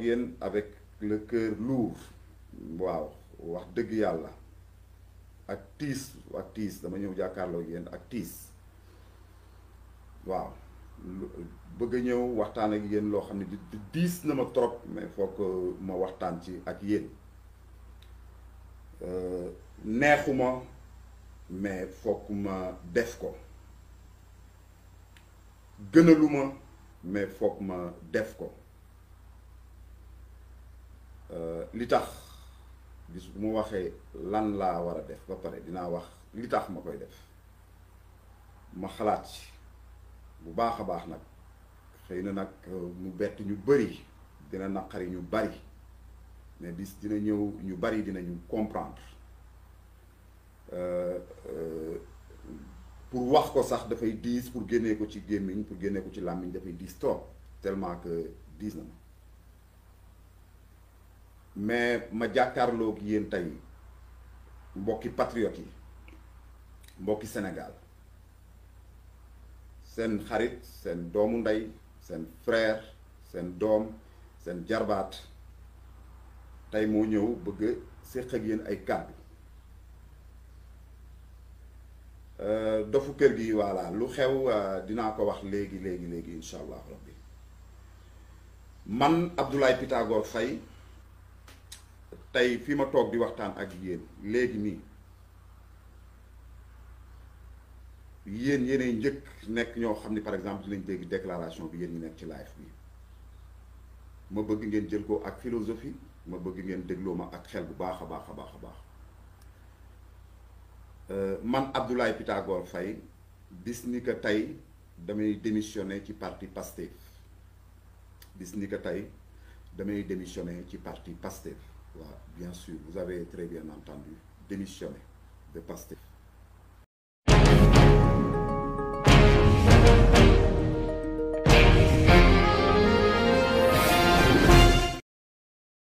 ak avec le kër lourd waaw wax dëgg yàlla ak tiis ak tiis dama ñëw jàkkaarloo yenn ak tiis waaw bëgg a ñëw waxtaan ak yéen loo xam ne di diis na ma trop mais foog ma waxtaan ci ak yéen euh, neexuma mais foog ma def ko gënaluma mais foog ma def ko Euh, li tax bis bu mu waxee lan laa war a def ba pare dinaa wax li tax ma koy def ma xalaat ci bu baax a baax nag xëy na nag euh, mu bett ñu bari dina naqari ñu bari mais bis dina ñëw ñu bari dinañu comprendre euh, pour wax ko sax dafay diis pour génnee ko ci gémmiñ pour génnee ko ci làmmiñ dafay diis trop tellement que diis na ma mais ma jàkkaarlook yéen tey mbokki patriotes yi mbokki Sénégal seen xarit seen doomu ndey seen frère seen doom seen jarbaat tey moo ñëw bëgg séq ak yéen ay kàddu euh, dofu kër gi voilà lu xew euh, dinaa ko wax léegi léegi léegi incha allah rabbi man Abdoulaye Pitagor Faye tey fi ma toog di waxtaan ak yéen léegi nii yéen yéenay njëkk nekk ñoo xam ne par exemple dinañ dégg déclaration bi yéen ñi nekk ci live bi ma bëgg ngeen jël ko ak philosophie ma bëgg ngeen dégloo ma ak xel bu baax a baax a baax a baax euh, man Abdoulaye Pitagore fay bis ni que tey damay démissionné ci parti Pastef bis ni que tey damay démissionné ci parti Pastef waaw bien sûr vous avez très bien entendu démissionné de Pastef